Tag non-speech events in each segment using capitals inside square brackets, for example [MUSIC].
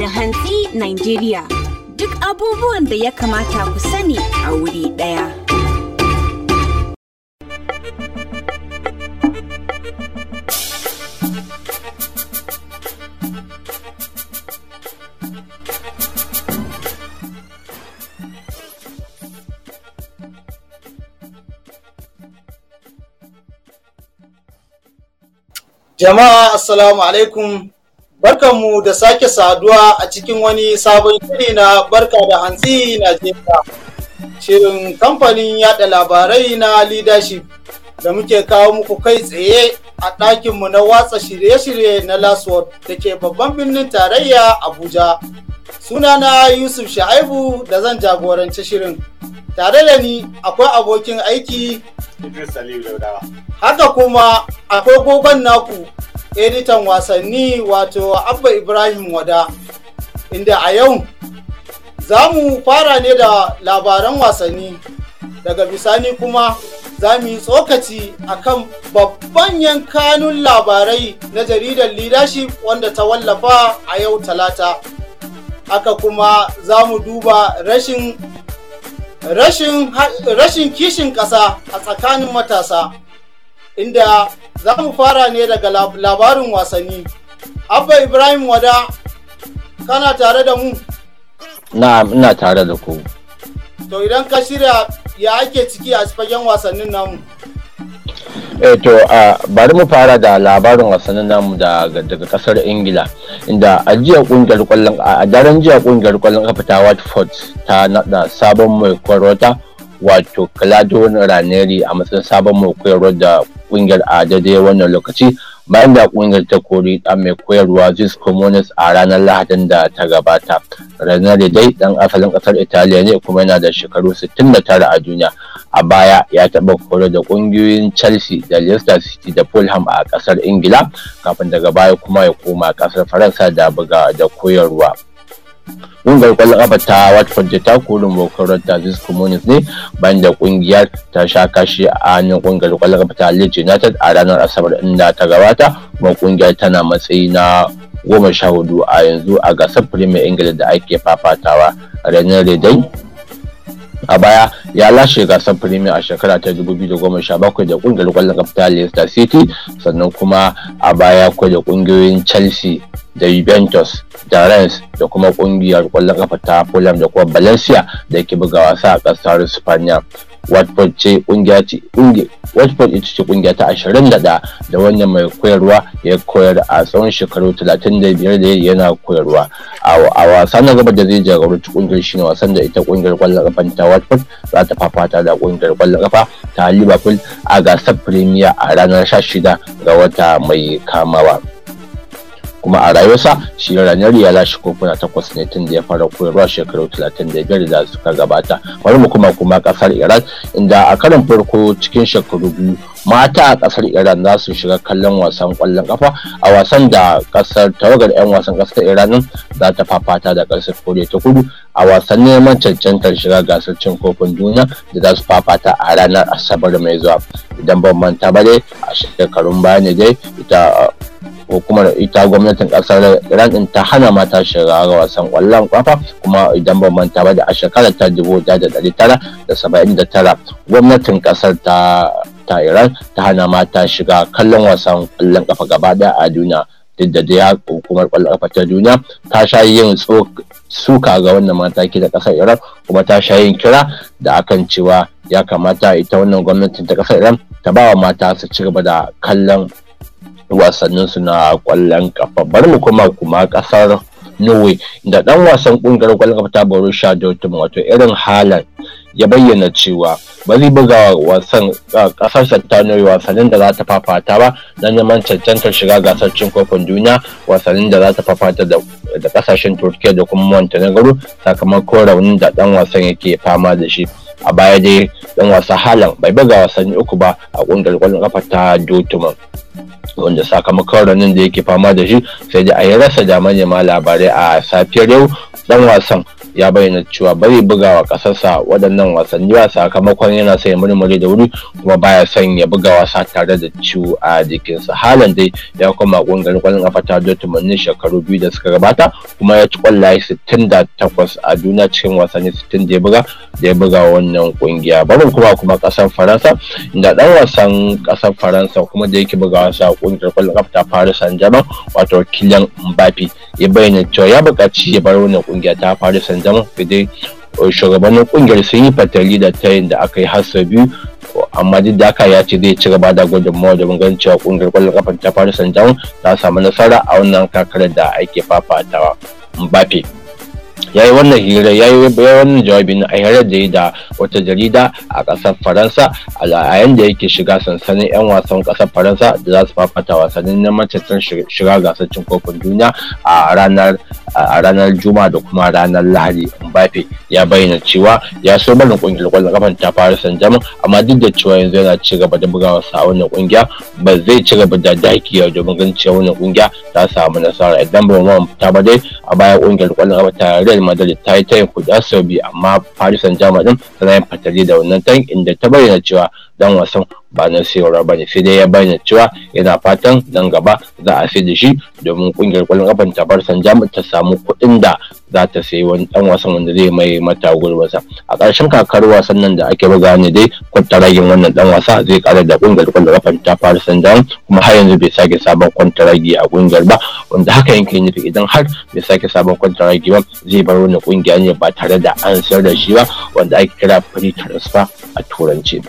da hantsi Nigeria. Duk abubuwan da ya kamata ku sani a wuri ɗaya. Jama'a Assalamu alaikum Barkanmu da sake saduwa a cikin wani sabon shiri na barka da hantsi Najeriya. Shirin kamfanin yada labarai na leadership da muke kawo muku kai tsaye a ɗakinmu na watsa shirye-shirye na Lasword da ke babban birnin tarayya Abuja. Sunana Yusuf Shaibu da zan jagorance shirin. Tare da ni akwai abokin aiki Haka kuma akwai gogon naku editan wasanni wato abba ibrahim wada inda a yau za mu fara ne da labaran wasanni daga bisani kuma za mu yi tsokaci kan babban yankanun labarai na jaridar leadership wanda ta wallafa a yau talata aka kuma za mu duba rashin kishin ƙasa a tsakanin matasa inda za mu fara ne daga labarin wasanni. Abba Ibrahim Wada, kana tare da mu? Na, ina tare da ku. To idan ka shirya ya ake ciki a cikin wasannin namu? eh to uh, bari mu fara da labarin wasannin namu daga kasar ingila inda a jiya kungiyar kwallon a daren jiya kungiyar kwallon kafa ta watford ta nada sabon mai kwarota wato Claudio Ranieri a matsayin sabon mai koyarwa da kungiyar a daidai wannan lokaci bayan da kungiyar ta kori dan mai koyarwa zis Comunis a ranar Lahadin da ta gabata. Ranieri dai dan asalin kasar Italiya ne kuma yana da shekaru 69 a duniya. A baya ya taba koro da kungiyoyin Chelsea da Leicester City da Fulham a kasar Ingila kafin daga baya kuma ya koma kasar Faransa da buga da koyarwa. Ƙungiyar ƙwallon ƙafa ta Watford da ta kori Mokorar Tazis Comunis ne bayan da ƙungiyar ta sha kashi a hannun ƙungiyar ƙwallon ƙafa ta Leeds United a ranar Asabar inda ta gabata kuma ƙungiyar tana matsayi na goma sha hudu a yanzu a gasar Premier Ingila da ake fafatawa. Ranar Redai a baya ya lashe gasar premier a shekara ta 2017 da kungiyar kwallon kafta ta Leicester City sannan kuma a baya kwai da kungiyoyin Chelsea da Juventus da Rennes da kuma kungiyar kwallon kafa ta Fulham da kuma Valencia da ke buga wasa a kasar Spaniya watford ce kungiya ce watford ita ce kungiya ta 21 da wannan mai koyarwa ya koyar a tsawon shekaru 35 da yana koyarwa a wasa na gaba da zai jagoranci kungiyar shine wasan da ita kungiyar kwallon kafa ta watford za ta fafata da kungiyar kwallon kafa ta liverpool a gasar premier a ranar 16 ga wata mai kamawa. kuma a rayuwarsa shi ranar ya lashe kofuna takwas ne tun da ya fara koyarwa shekaru talatin da da suka gabata wani mu kuma kuma kasar Iran inda a karin farko cikin shekaru biyu mata a kasar Iran za su shiga kallon wasan kwallon kafa a wasan da kasar tawagar 'yan wasan kasar Iran za ta fafata da kasar Koriya ta Kudu a wasan neman cancantar shiga gasar cin kofin duniya da za su fafata a ranar Asabar mai zuwa idan ban manta ba dai a shekarun baya ne dai ita hukumar ita gwamnatin kasar iran ta hana mata shiga wasan kwallon kwafa kuma idan ba manta ba da a shekarar ta dubu da saba'in da tara gwamnatin kasar ta ta iran ta hana mata shiga kallon wasan kwallon kafa gaba daya a duniya duk da daya hukumar kwallon kafa ta duniya ta sha yin suka ga wannan mataki da kasar iran kuma ta sha yin kira da akan cewa ya kamata ita wannan gwamnatin ta kasar iran ta ba wa mata su ci gaba da kallon Wasannin na kwallon kafa bar mu kuma kuma kasar norway da dan wasan kungiyar kwallon kafa ta borussia dortmund wato irin halan ya bayyana cewa ba zai buga wasan kasar ta norway wasannin da za ta fafata ba na neman cancantar shiga gasar cin kofin duniya wasannin da za ta fafata da kasashen turkiya da kuma montenegro sakamakon raunin da dan wasan yake fama da shi a baya dai dan wasa halan bai buga wasanni uku ba a kungiyar kwallon kafa ta dortmund wanda sakamakon ranin da yake fama da shi sai dai a yi rasa da manema labarai a safiyar yau dan wasan ya bayyana cewa bari bugawa kasarsa waɗannan wasanni ba sakamakon yana sai murmure da wuri kuma baya son ya buga wasa tare da ciwo a jikinsa halan dai ya koma ƙungiyar kwallon kafa ta Dortmund ne shekaru biyu da suka gabata kuma ya ci kwallaye 68 a duniya cikin wasanni 60 da ya buga da ya buga wannan kungiya barin kuma kuma kasar Faransa inda dan wasan kasar Faransa kuma da yake buga wasa kungiyar kwallon kafa ta Paris Saint-Germain wato Kylian Mbappe ya bayyana cewa ya buƙaci ya bar wannan kungiya ta Paris Saint-Germain dai uh, shugabannin kungiyar sun yi fatali da tayin da aka yi har biyu amma duk da haka ya ce zai ci gaba da mawa domin ganin cewa kungiyar kwallon kafa ta Paris Saint-Germain ta samu nasara a wannan kakarar da ake fafatawa Mbappe ya yi wannan hira ya yi wannan jawabin a hirar da ya da wata jarida a kasar faransa a yayin da yake shiga sansanin 'yan wasan kasar faransa da za su fafata wasannin na matattun shiga gasar cin kofin duniya a ranar a ranar juma da kuma ranar lahadi mbappe ya bayyana cewa ya so barin kungiyar kwallon kafan ta fara jamin amma duk da cewa yanzu yana ci gaba da bugawa a wannan kungiya ba zai ci gaba da dakiya domin ganin cewa wannan kungiya ta samu nasara idan ba mu ta ba dai a baya kungiyar kwallon kafan ta Real Madrid ta yi tayin kuɗa sau biyu amma Paris Saint-Germain din yin fatali da wannan tayin inda ta bayyana cewa dan wasan ba na sayarwa ba ne sai dai ya bayyana cewa yana fatan nan gaba za a sai da shi domin kungiyar kwallon kafan ta bar ta samu kuɗin da za ta sayi wani dan wasan wanda zai mai mata gurbasa a ƙarshen kakar wasan nan da ake buga ne dai ragin wannan dan wasa zai ƙara da kungiyar kwallon kafan ta fara kuma har yanzu bai sake sabon ragi a kungiyar ba wanda haka yanke nufi idan har bai sake sabon ragi ba zai bar wani kungiya ne ba tare da an sayar da shi ba wanda ake kira free transfer a turanci.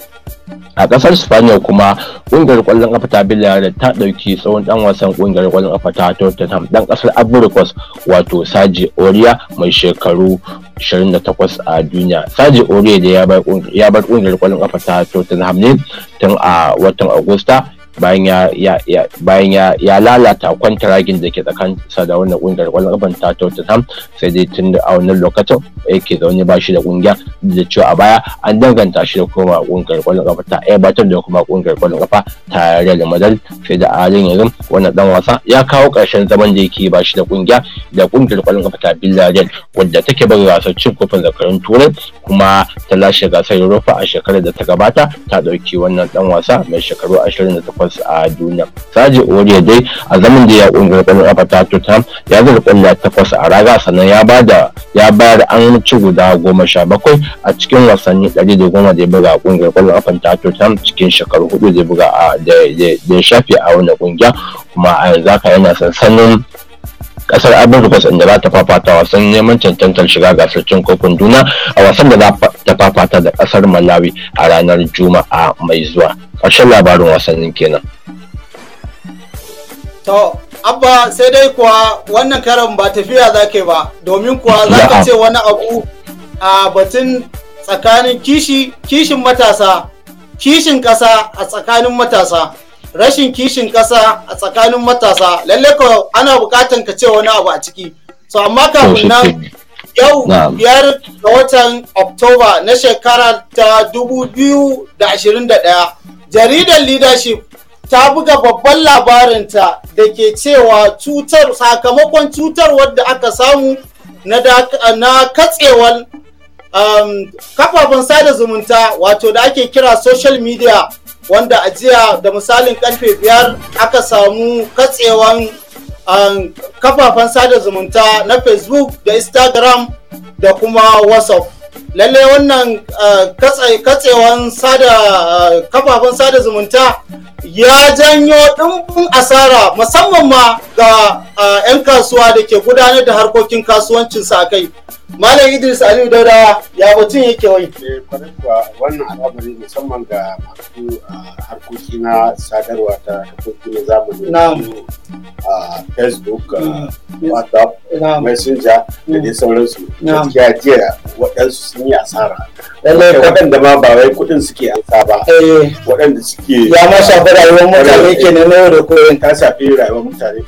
a kasar spaniya kuma kungiyar kwallon kafa ta villarreal ta dauki tsawon dan wasan kungiyar kwallon kafa ta tottenham dan kasar abrikos wato saji oriya mai shekaru 28 a duniya saji oriya da ya bar kungiyar kwallon kafa ta tottenham ne tun a watan agusta bayan ya ya bayan ya ya lalata kwantaragin da ke tsakansa da wannan kungiyar kwallon kafan ta Tottenham sai dai tun a wannan lokacin yake zaune ba shi da kungiya da cewa a baya an danganta shi da kuma kungiyar kwallon kafa ta Everton da kuma kungiyar kwallon kafa ta Real Madrid sai da halin yanzu wannan dan wasa ya kawo karshen zaman da yake ba shi da kungiya da kungiyar kwallon kafa ta Villarreal wadda take bin gasar cin kofin zakarun Turai kuma ta lashe gasar Europa a shekarar da ta gabata ta dauki wannan dan wasa mai shekaru 28 a duniya saji oriya dai a zaman da ya kungiyar kwallon kafa ta tottenham ya da kwallo takwas a raga sannan ya bada ya bayar an ci guda goma sha bakwai a cikin wasanni ɗari da goma da ya buga kungiyar kwallon kafa ta tottenham cikin shekaru hudu da ya buga da ya shafe a wani kungiya kuma a yanzu haka yana sansanin kasar Abirgabas inda za ta fafata wasan neman cancantar shiga gasar cin kofin duna a wasan da za ta fafata da kasar Malawi a ranar Juma'a mai zuwa. Ƙarshen labarin wasannin kenan. To, abba sai dai kuwa wannan karan ba tafiya za ke ba, domin kuwa za ka ce wani abu a batun tsakanin kishi, kishin matasa, kishin ƙasa a tsakanin matasa. rashin kishin ƙasa a tsakanin matasa lalle ko ana buƙatan ka ce wani abu a ciki so amma kafin nan yau biyar ga watan oktoba na shekara ta 2021 jaridar leadership ta buga babban labarinta da ke cewa cutar sakamakon cutar wadda aka samu na katsewar um, kafafen sada zumunta wato da ake kira social media wanda a jiya da misalin karfe biyar aka samu katsewan um, kafafen sada zumunta na facebook da instagram da kuma whatsapp lallai wannan uh, katsewan uh, kafafen sada zumunta ya janyo ɗumbin asara musamman ma ga uh, 'yan kasuwa da ke gudanar da harkokin kasuwancinsa a kai Malam Idris Aliyu Dauda ya mutum yake wai. Eh, kwarai wannan al'amari musamman ga masu ah, harkoki na sadarwa ta harkoki na zamani. Na'am. Ah, Facebook, ah, mm. WhatsApp, Messenger da dai mm. sauransu. Gaskiya jiya waɗansu sun yi asara. Lallai waɗanda ma ba wai kuɗin suke ansa ba. Eh. Waɗanda suke. Ya ma shafi rayuwar mutane ke na yau da koyon. Ka shafi rayuwar mutane.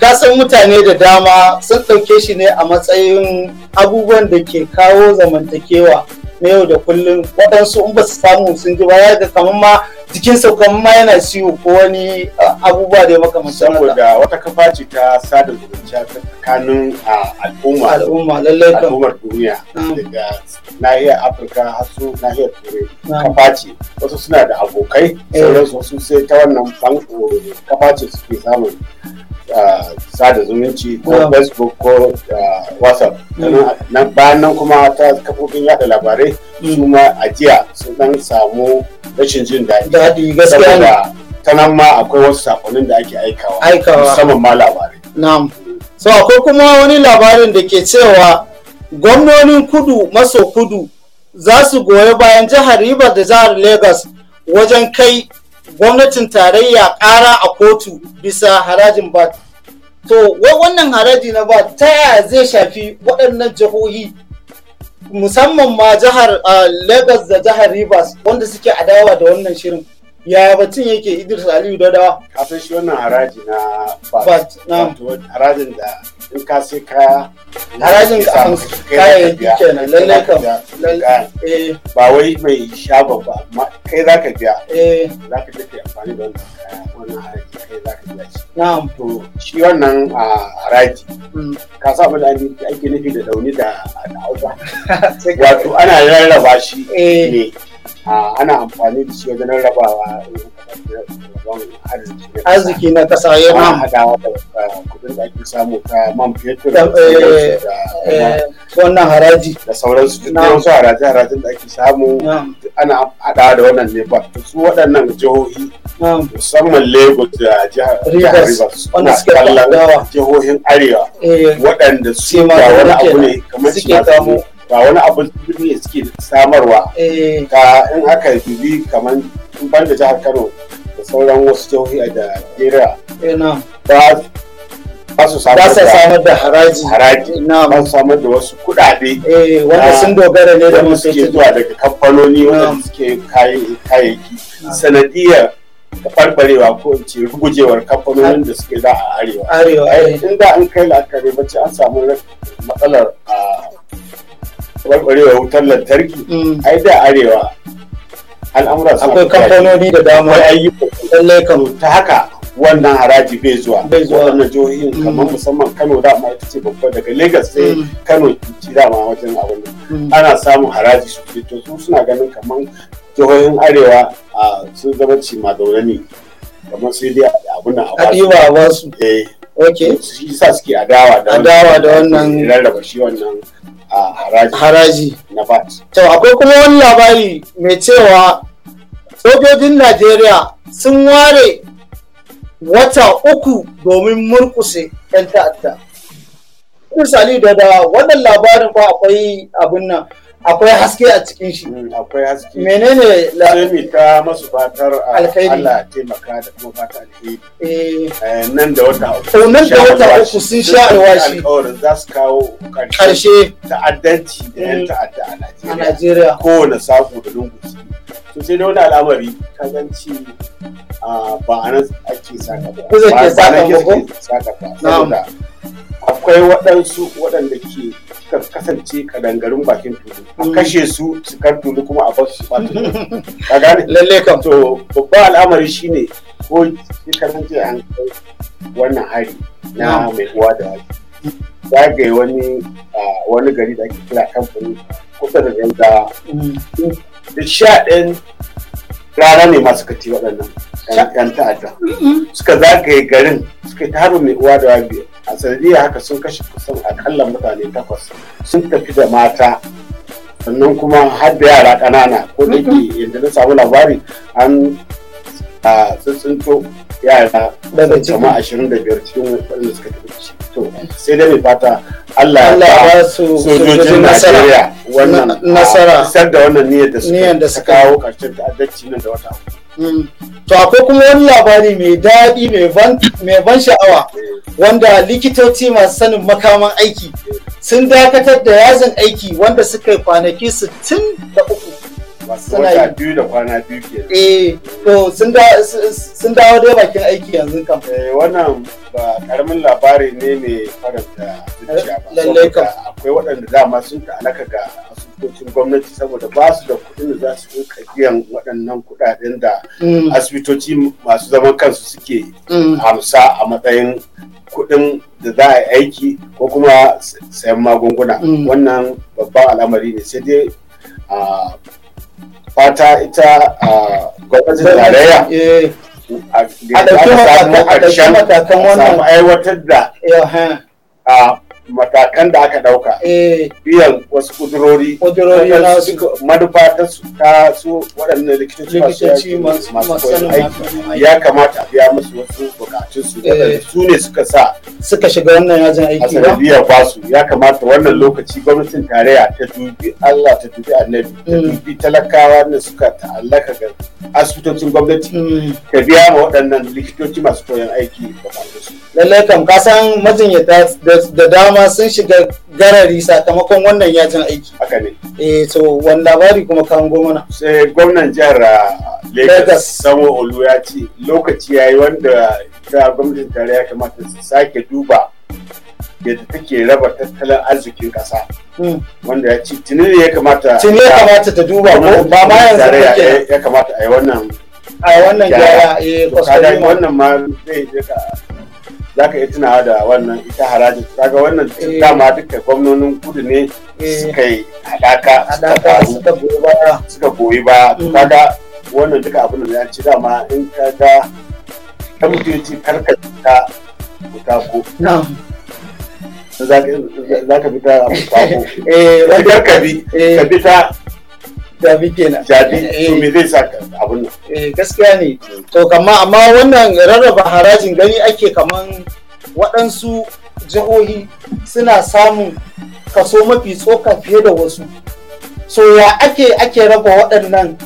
Ka san mutane da dama sun ɗauke shi ne a matsayin abubuwan da ke kawo zamantakewa na yau da kullum waɗansu in ba su samu sun ji da ga kamar ma jikin kamar ma yana siyo ko wani abubuwa da ya maka makamancin saboda wata kafa ce ta sada zumunta tsakanin al'umma al'umma lallai kan al'ummar duniya mm. daga nahiyar afirka har su nahiyar turai mm. kafa ce wasu suna da abokai eh. sauransu su sai ta wannan kafa ce suke samun sada zumunci ko facebook ko whatsapp na bayan nan kuma ta kafofin yada labarai mm. su ma ajiya sun dan samu rashin jin daɗi saboda ta nan ma akwai wasu sakonin da ake aikawa musamman ma labarai so akwai kuma wani labarin da ke cewa gwamnonin kudu maso kudu za su goyi bayan jihar Rivers da jihar Lagos wajen kai gwamnatin tarayya kara a kotu bisa harajin bat. to wannan haraji na ba ta yaya zai shafi waɗannan jihohi musamman ma jihar Lagos da jihar Rivers wanda suke adawa da wannan shirin ya batun yake Idris Aliyu Dadawa kafin shi wannan haraji na VAT harajin da in ka sai kaya harajin kafin kayayyaki kenan lallai kam eh. ba wai mai shagon ba amma kai za ka biya eh. za ka tafi amfani da wannan kaya wannan haraji kai za ka biya shi na'am to shi wannan haraji mm. ka sa mu da ake nufi da dauni da hausa [LAUGHS] wato ana rarraba shi eh. ne ana amfani da shi wajen rarrabawa arziki na kasa yana ma kudin da ake samu ta man fetur da eh, eh, wannan haraji da sauransu duk da wasu haraji harajin da ake samu ana hadawa da wannan ne ba su waɗannan jihohi musamman lagos da jihar rivers wanda suke kallon jihohin arewa eh, waɗanda su ga wani abu ne kamar shi samu ga wani abu ne suke samarwa ka eh. in aka dubi kamar ban da jihar kano da sauran wasu jihohi a najeriya eh, ba su samar da haraji haraji ba su samar da wasu kudade eh, wanda sun dogara ne da masu ke zuwa daga kamfanoni wanda suke kayayyaki sanadiyar farfarewa ko in ce rugujewar kamfanonin da suke da a arewa arewa inda an kai la'akari bacci an samu matsalar a ah, tabarbarewa wutar lantarki mm. ai da arewa al'amura sun akwai kamfanoni da dama ayyuka lallai kan ta haka wannan haraji bai zuwa bai zuwa wannan jihohin mm. kamar musamman kano dama ita ce babba daga lagos sai mm. kano ci dama wajen abin ana samun haraji su ke to suna ganin kamar jihohin arewa a sun zama cima daure ne kamar sai dai abin a wasu a wasu eh okay shi sa suke adawa da wannan rarraba shi wannan haraji na To akwai kuma wani labari mai cewa sojojin Najeriya sun ware wata uku domin murkuse 'yan ta'adda. Misali da wannan labarin ba akwai abin nan. akwai haske a cikin shi hmm, akwai haske menene la sai mi ta masu fatar ah, alkhairi Allah taimaka da kuma fata alheri eh. eh nan da wata uku nan da wata uku sun sha alwashi alƙawarin za su kawo karshe ta'addanci da yan hmm. ta'adda a Najeriya ko kowane sako da lungu to sai da wani al'amari kazanci ba a nan ake saka ba ba nan ake saka ba saboda akwai waɗansu waɗanda ke suka kasance kadangarin bakin tulu a hmm. kashe su su kar tulu kuma a basu su ba tulu [LAUGHS] ka gane lalle kam to babban al'amari shine ko ya kasance an kai wannan hari na mai uwa da wani zagaye wani wani gari da ake kira kamfani kusa da yanda hmm. da sha ɗin rana ne masu kati waɗannan yan ta'adda suka zagaye garin suka yi harbin mai uwa da wabi a sanadiyar haka sun kashe kusan akalla mutane takwas sun tafi da mata sannan kuma har da yara ƙanana ko da ke yadda na samu labari an tsintsinto. yara da jama ashirin da biyar cikin waɗanda suka tafi to sai dai mai fata Allah ya ba su sojojin Najeriya wannan nasara isar da wannan niyyar da suka kawo ƙarshen ta'addanci nan da wata mm. to akwai kuma wani labari mai daɗi mai ban sha'awa eh. wanda likitoci masu sanin makaman aiki sun dakatar da yazin aiki wanda suka yi kwanaki 63 wata biyu da kwana biyu ke eh to sun dawo dai bakin aiki yanzu kam eh, wannan ba karamin labari ne mai faranta zuciya ba eh, lallai kam akwai waɗanda dama sun ta'alaka ga asibitocin gwamnati saboda ba su da kuɗin da za su ɗauka biyan waɗannan kuɗaɗen da mm. asibitoci masu zaman kansu suke hamsa mm. a matsayin kuɗin da za a yi aiki ko kuma sayan magunguna mm. wannan babban al'amari ne sai dai ah, fata ita a gwamnatin tarayya a ɗauki matakan wannan aiwatar da eh, eh. matakan da aka dauka eh. biyan wasu kudurori manufa ta su ta su waɗannan likitoci masu aiki ya kamata a musu wasu bukatun su eh. su ne suka sa suka shiga wannan yajin aiki ba a ba su ya kamata wannan lokaci gwamnatin tarayya ta dubi Allah ta dubi annabi ta hmm. dubi talakawa da suka ta'allaka ga asibitocin gwamnati Ka hmm. biya ma waɗannan likitoci masu koyon aiki lallai kam kasan majinyata da dama dama sun shiga garari sakamakon wannan yajin aiki haka ne eh to wani labari kuma kan gwamna sai eh, gwamnan jihar uh, Lagos Sanwo Olu ya ce lokaci yayi wanda ta gwamnatin tare ya kamata su sake duba yadda take raba tattalin arzikin kasa hmm. wanda ya ce tuni ne ya kamata tuni ya kamata ta duba ko ba ma yanzu ya kamata a yi wannan a wannan gyara eh kwaskwarima wannan ma zai za ka iya tunawa da wannan ita haraji kaga wannan eh. dama duka gwamnonin kudu ne eh. suka yi haɗaka suka goyi ba. suka goyi ba. Mm. kaga wannan duka abin da ya ci dama in ka ga ta ci karka ta mutako za ka fita a mutako [LAUGHS] eh, ka bi ka bi ta Jabi kenan. Jabi to eh, me zai sa abun nan. Eh gaskiya ne. To kamma amma wannan rarraba harajin gani ake kaman waɗansu jihohi suna samun kaso mafi tsoka fiye da wasu. So ya ake ake raba waɗannan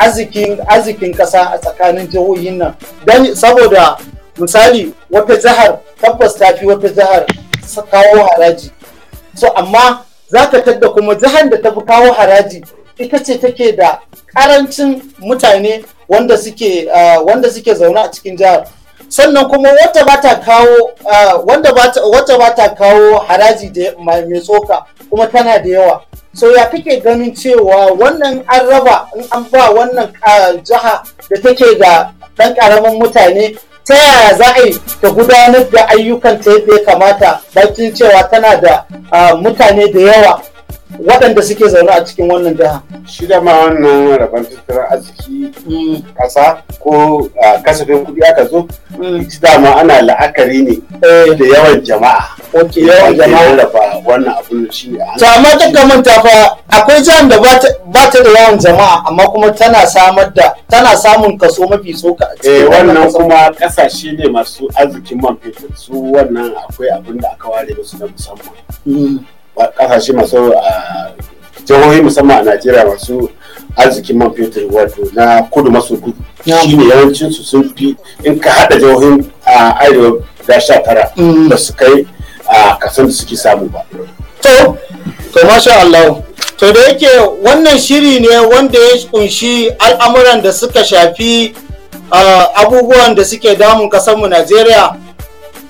arzikin arzikin ƙasa a tsakanin jihohin nan. Dan saboda misali wata jihar tabbas ta fi wata jihar kawo haraji. So amma za ka tadda kuma jihar da ta fi kawo haraji ita ce take da karancin mutane wanda suke zaune a cikin jihar sannan kuma wata ba ta kawo haraji mai tsoka kuma tana da yawa so ya kake ganin cewa wannan an raba in an ba wannan jiha da take da ɗan ƙaramin mutane ta yaya za a yi ta gudanar da ayyukan ta yadda ya kamata bakin cewa tana da ah, mutane da yawa waɗanda suke zaune a cikin wannan jiha. Shi da ma wannan rabon tattalin arziki mm. ƙasa ko kasafin kuɗi aka zo, shi mm. dama ana la'akari ne eh. da yawan jama'a. Ok, yawan jama'a. da fa wannan abun shi ne. Ta amma ta manta fa akwai jihar da ba ta da yawan jama'a amma kuma tana samar da tana samun kaso mafi ka Eh wannan kuma ƙasashe ne masu arzikin man fetur su wannan akwai abin da aka ware musu na musamman. Mm. kasashe masu a jihohi musamman a najeriya masu arzikin man fetur wato na kudu maso gudu shi ne yawancin su sun fi in ka hada jihohin a arewa da sha tara da mm. su kai a kasan da suke samu ba to to masha Allah to da yake wannan shiri ne wanda ya kunshi al'amuran da suka shafi abubuwan da suke damun kasanmu Najeriya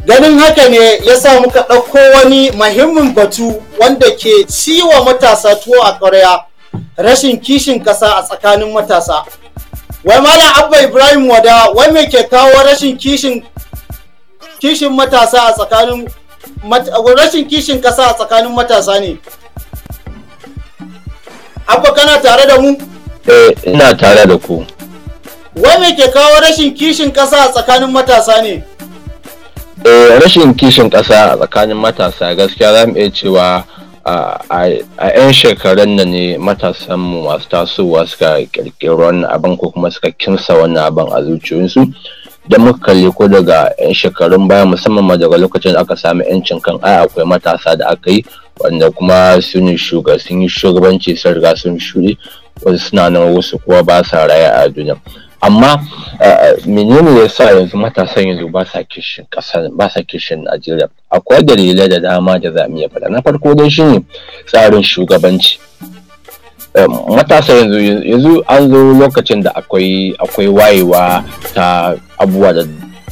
Ganin haka ne ya sa muka ɗauko wani muhimmin batu wanda ke ciwa matasa tuwo a ƙwarya rashin kishin ƙasa a tsakanin matasa. Wai Malam Abba Ibrahim Wada wai me ke kawo rashin kishin kishin matasa a tsakanin rashin kishin ƙasa a tsakanin matasa ne. Abba kana tare da mu? Eh, ina tare da ku. Wai me ke kawo rashin kishin ƙasa a tsakanin matasa ne? Eh, rashin kishin ƙasa a tsakanin matasa gaskiya za mu iya cewa a 'yan shekarun nan ne matasanmu masu tasowa suka kirkiri wannan abin ko kuma suka kinsa wannan abin a zuciyoyinsu da muka kalli ko daga 'yan shekarun baya musamman ma daga lokacin aka sami 'yancin kan ai akwai matasa da aka yi wanda kuma sun yi shugabanci sun riga sun shuɗe wasu suna nan wasu kuma ba sa raya a duniya amma menene ya sa yanzu matasan yanzu ba sa kishin kasar ba sa kishin najeriya akwai dalilai da dama da za mu iya faɗa na farko dai shine tsarin shugabanci matasa yanzu yanzu an zo lokacin da akwai akwai wayewa ta abubuwa da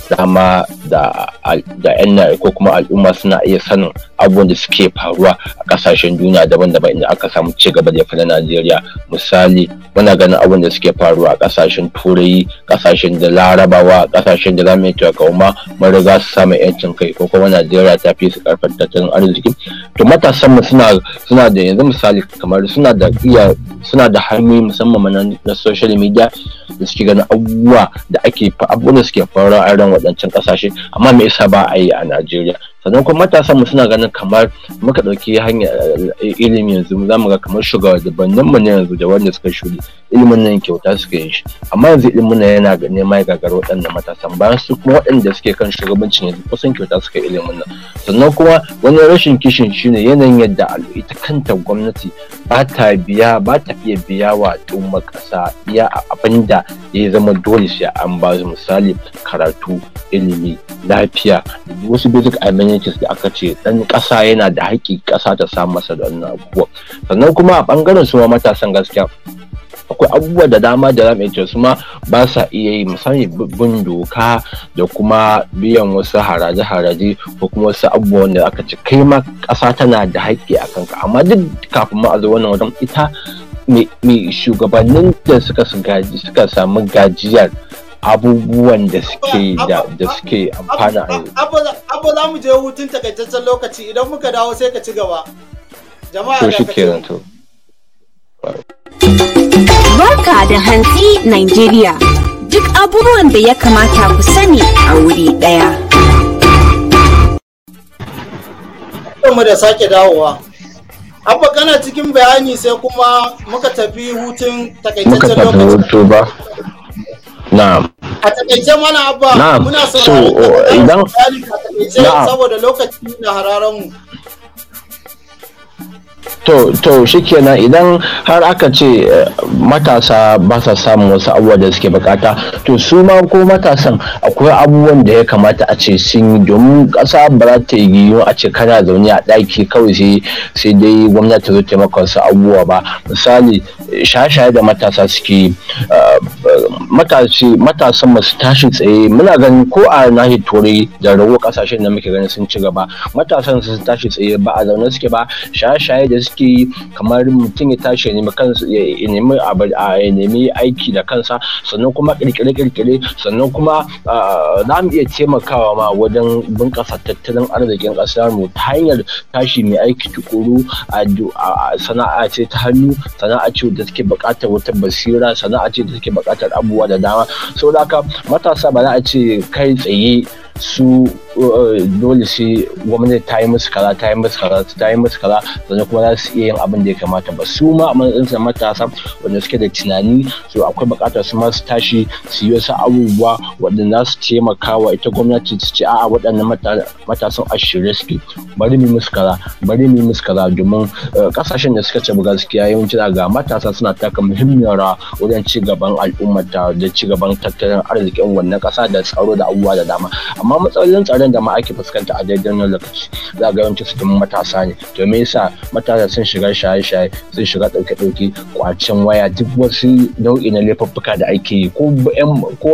dama da 'yan ko kuma al'umma suna iya sanin abubuwan da suke faruwa a kasashen duniya daban-daban inda aka samu ci gaba da na Najeriya misali muna ganin abubuwan da suke faruwa a kasashen turai kasashen da larabawa kasashen da zamu ta kauma mun riga su samu yancin kai ko kuma Najeriya ta fi su karfafa tattalin arziki to matasan mu suna suna da yanzu misali kamar suna da iya suna da hanyoyi musamman na social media da suke ganin abubuwa da ake abubuwan da suke faru a ran waɗancan ƙasashe amma me yasa ba a yi a Najeriya sannan kuma matasan mu suna ganin kamar muka ɗauki hanya eh, ilimi yanzu mu zamu ga kamar shugabannin mu ne yanzu da wanda suka shuri ilimin nan kyauta suke yin shi amma yanzu ilimin nan yana ga nema ya gagar waɗannan matasan bayan su kuma waɗanda suke kan shugabancin yanzu kusan kyauta suka ilimin nan sannan kuma wani rashin kishin shine yanayin yadda ita kanta gwamnati ba ta biya ba ta ta iya biya wa al'ummar ƙasa iya abin da ya zama dole sai an ba su misali karatu ilimi lafiya wasu basic amenities da aka ce ɗan ƙasa yana da haƙƙi kasa ta samu masa da wannan abubuwa sannan kuma a ɓangaren su matasan gaskiya akwai abubuwa da dama da zamu iya su ma ba sa iya yi misali bin doka da kuma biyan wasu haraje-haraje ko kuma wasu abubuwan da aka ce. kai ma kasa tana da haƙƙi a kanka amma duk kafin ma a zo wannan wajen ita mai shugabannin da suka suka samu gajiyar abubuwan da suke da suke amfana a yanzu. Abba za mu je hutun takaitaccen lokaci idan muka dawo sai ka ci gaba. Jama'a da shi to. Barka da hantsi Nigeria. Duk abubuwan da ya kamata ku sani a wuri ɗaya. Kuma da sake dawowa. abba kana cikin bayani sai kuma muka tafi hutun takaitaccen lokaci muka hutu ba na'am a takaice mana abba na'am muna sauraron so, oh, idan saboda lokaci na hararan mu to to shikenan idan har aka ce eh, matasa ba sa samun wasu abubuwa da suke bukata to su ma ko matasan akwai abubuwan da ya kamata a ce sun yi domin kasa ba za ta yi a ce kana zaune a ɗaki kawai sai sai dai gwamnati zo taimaka wasu abubuwa ba misali shaye-shaye da matasa suke eh, matashi matasan masu tashi tsaye muna ganin ko a nahiyar turai da rago kasashen da muke ganin sun ci gaba matasan su tashi tsaye ba a zaune suke ba shaye-shaye da suke yi kamar mutum ya tashi ya nemi kansa ya nemi ya nemi aiki da kansa sannan kuma kirkire-kirkire sannan kuma za mu iya taimakawa ma wajen bunkasa tattalin arzikin ƙasar mu ta hanyar tashi mai aiki tukuru a sana'a ce ta hannu sana'a ce da take buƙatar wata basira sana'a ce da take buƙatar buƙatar abubuwa da dama saboda haka matasa ba za a ce kai tsaye su uh, dole sai gwamnati ta yi musu kala ta yi musu kala ta yi musu kala sannan kuma za su iya yin abin da ya kamata ba su ma a matsayinsa matasa wanda suke da tunani su akwai bukatar su ma su tashi su yi wasu abubuwa waɗanda za su taimaka wa ita gwamnati su ce a'a waɗannan matasan a shirye suke bari mu musu kala bari mu musu kala domin kasashen uh, da suka ci gaskiya yawanci ga matasa suna taka muhimmiyar rawa wajen ci gaban al'ummata da ci gaban tattalin arzikin wannan ƙasa da tsaro da abubuwa da dama amma amma matsalolin tsaron da ma ake fuskanta a daidai wannan lokaci za ga yawanci su matasa ne to me yasa matasa sun shiga shaye-shaye sun shiga ɗauke-ɗauke kwacin waya duk wasu nau'i na laifuffuka da ake yi ko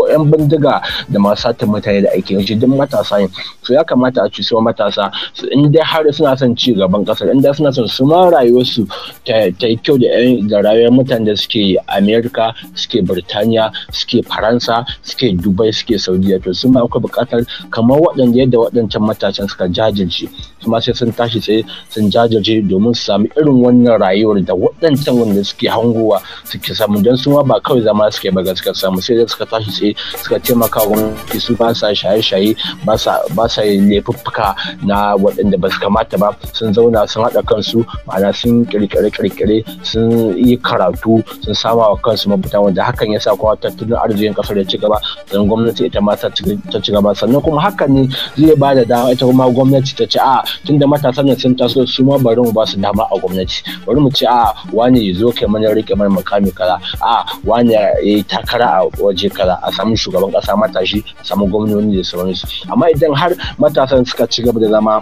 yan bindiga da masu satin mutane da ake yi duk matasa ne to ya kamata a ci su matasa in dai har suna son ci gaban ƙasar in dai suna son su ma rayuwarsu ta yi kyau da da rayuwar mutane da suke amerika suke birtaniya suke faransa suke dubai suke saudiya to su ma akwai buƙatar kamar waɗanda yadda waɗancan matashan suka jajirce su sai sun tashi tsaye sun jajirce domin su sami irin wannan rayuwar da waɗancan wanda suke hanguwa suke samu don su ma ba kawai zama suke ba suka samu sai suka tashi tsaye suka taimaka gwamnati su ba sa shaye-shaye ba sa laifuffuka na waɗanda ba su kamata ba sun zauna sun haɗa kansu ma'ana sun kirkire-kirkire sun yi karatu sun sama wa kansu mabuta wanda hakan ya sa kuma tattalin arzikin ƙasar ya ci gaba don gwamnati ita ma ta ci gaba sannan kuma don haka ne zai ba da dama ita kuma gwamnati ta ce a tunda matasan nan sun taso su ma bari mu ba su dama a gwamnati bari mu ce a wani ya zo kai mana rike mana makami kaza a wani ya yi takara a waje kaza a samu shugaban kasa matashi a samu gwamnoni da sauransu amma idan har matasan suka ci gaba da zama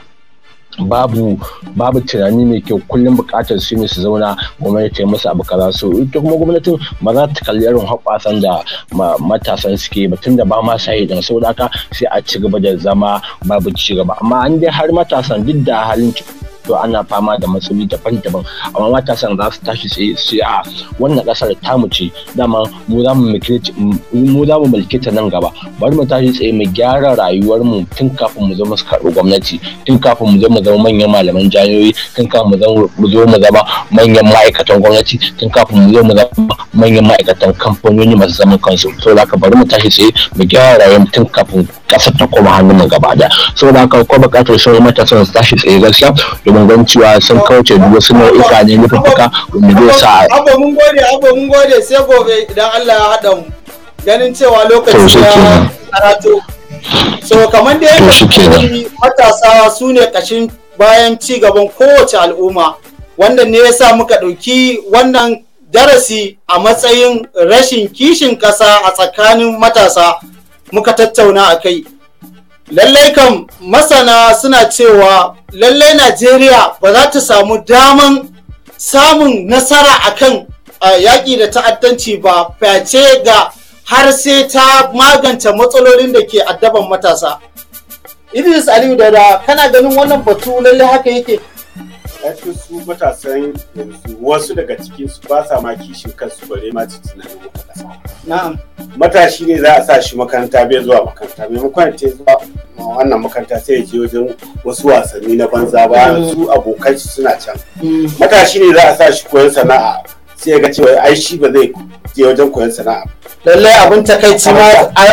babu babu tunani mai kyau kullum bukatar su ne su zauna gwamnati ya musu abu kaza so ita kuma gwamnatin ba za ta kalli irin hoɓasan da matasan suke ba tun da ba ma sa idan saboda haka sai a ci gaba da zama babu ci gaba amma an dai har matasan duk da halin to ana fama da matsaloli daban-daban amma matasan za su tashi tsaye su a wannan kasar tamu ce dama mu za mu mu za mu mulke ta nan gaba bari mu tashi tsaye mu gyara rayuwar mu tun kafin mu zama su karɓi gwamnati tun kafin mu zama zama manyan malaman jami'o'i tun kafin mu zama mu zo mu zama manyan ma'aikatan gwamnati tun kafin mu zo mu zama manyan ma'aikatan kamfanoni masu zaman kansu to da ka bari mu tashi tsaye mu gyara rayuwar mu tun kafin kasar ta koma hannun mu gaba da saboda haka ko bukatar sauran matasan su tashi tsaye gaskiya domin ganin cewa sun kauce duk wasu nau'ika ne laifuka wanda zai sa abba mun gode abba mun gode sai gobe idan Allah ya haɗa mu ganin cewa lokaci ya karatu so kamar da yake matasa su ne kashin bayan ci gaban kowace al'umma wanda ne ya sa muka ɗauki wannan darasi a matsayin rashin kishin ƙasa a tsakanin matasa muka tattauna a kai lallai kan masana suna cewa lallai najeriya ba za ta samu daman samun nasara akan yaƙi da ta'addanci ba face ga har sai ta magance matsalolin da ke addaban matasa idris aliyu da kana ganin wannan batu lallai haka yake ƙarfin su matasan yanzu wasu daga cikin su ba sa ma kishin kansu bare ma ci tunanin wata Na'am. Matashi ne za a sa shi makaranta bai zuwa makaranta maimakon ce zuwa wannan makaranta sai ya je wajen wasu wasanni na banza ba mm. su abokan shi suna can. Mm. Matashi ne za a sa shi koyon sana'a sai ya ga cewa ai shi ba zai je wajen koyon sana'a. Lallai abun takaici ma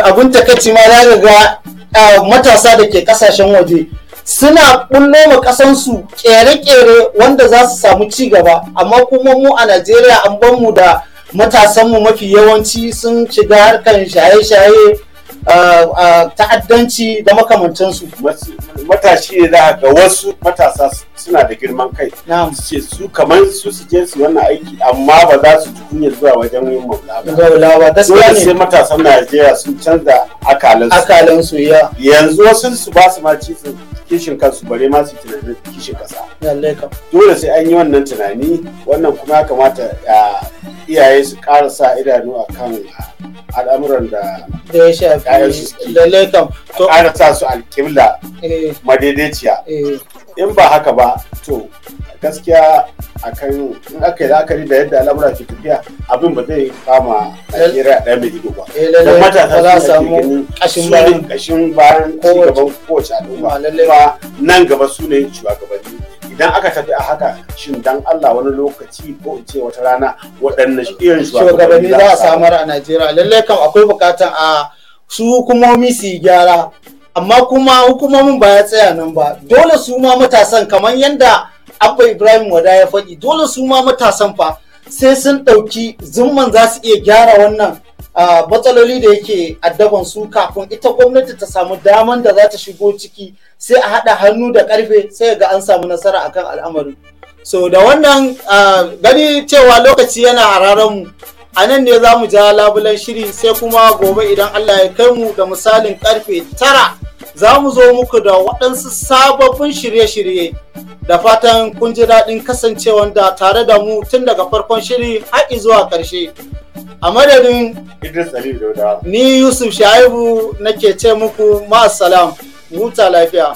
abun takaici ma na ga ah, matasa da ke kasashen waje suna kullo ma kasansu kere-kere wanda za su samu ci gaba amma kuma mu a najeriya an ban mu da matasanmu mafi yawanci sun shiga harkar shaye-shaye ta'addanci da makamantansu matashi ne za ga wasu matasa suna da girman kai su ce su kamar su su je su wannan aiki amma ba za su tukunya zuwa wajen yin maula ba gaskiya ne sai matasan Najeriya sun canza akalansu akalansu ya yanzu wasu su ba su ma kishin kansu bare ma su tunanin kishin kasa dole sai an yi wannan tunani wannan kuma ya kamata iyaye su ƙara sa idanu akan al'amuran da ya shafi da laikam to ana sa su alƙibla eh. madaidaiciya eh. in ba haka ba to gaskiya akan in aka yi la'akari da yadda al'amura ke tafiya abin ba zai kama Najeriya ɗaya mai ido ba. Eh, da matasa su samu kashin bayan kashin bayan cigaban kowace al'umma. Ba nan gaba su ne shugabanni. idan aka tafi a haka shin dan Allah wani lokaci ko in ce wata rana waɗanne irin shugabanni za a samar a Najeriya lallai kam akwai bukatan a su hukumomi su yi gyara amma kuma hukumomin ba ya tsaya nan ba dole su ma matasan kamar yadda abba ibrahim wada ya faɗi dole su ma matasan fa sai sun ɗauki zumman za su iya gyara wannan matsaloli da yake addaban su kafin ita gwamnati ta samu daman da za ta shigo ciki sai a haɗa hannu da ƙarfe sai ga an samu nasara akan al'amarin so da wannan gani cewa lokaci yana a mu, a nan ne za mu ja labulan shiri sai kuma gobe idan allah ya kai mu da misalin ƙarfe tara za mu zo muku da waɗansu sababbin shirye-shirye da fatan kun ji daɗin kasancewan da tare da mu tun daga farkon shiri har zuwa ƙarshe a madadin ni yusuf shaibu nake ce muku ma'asalam muta lafiya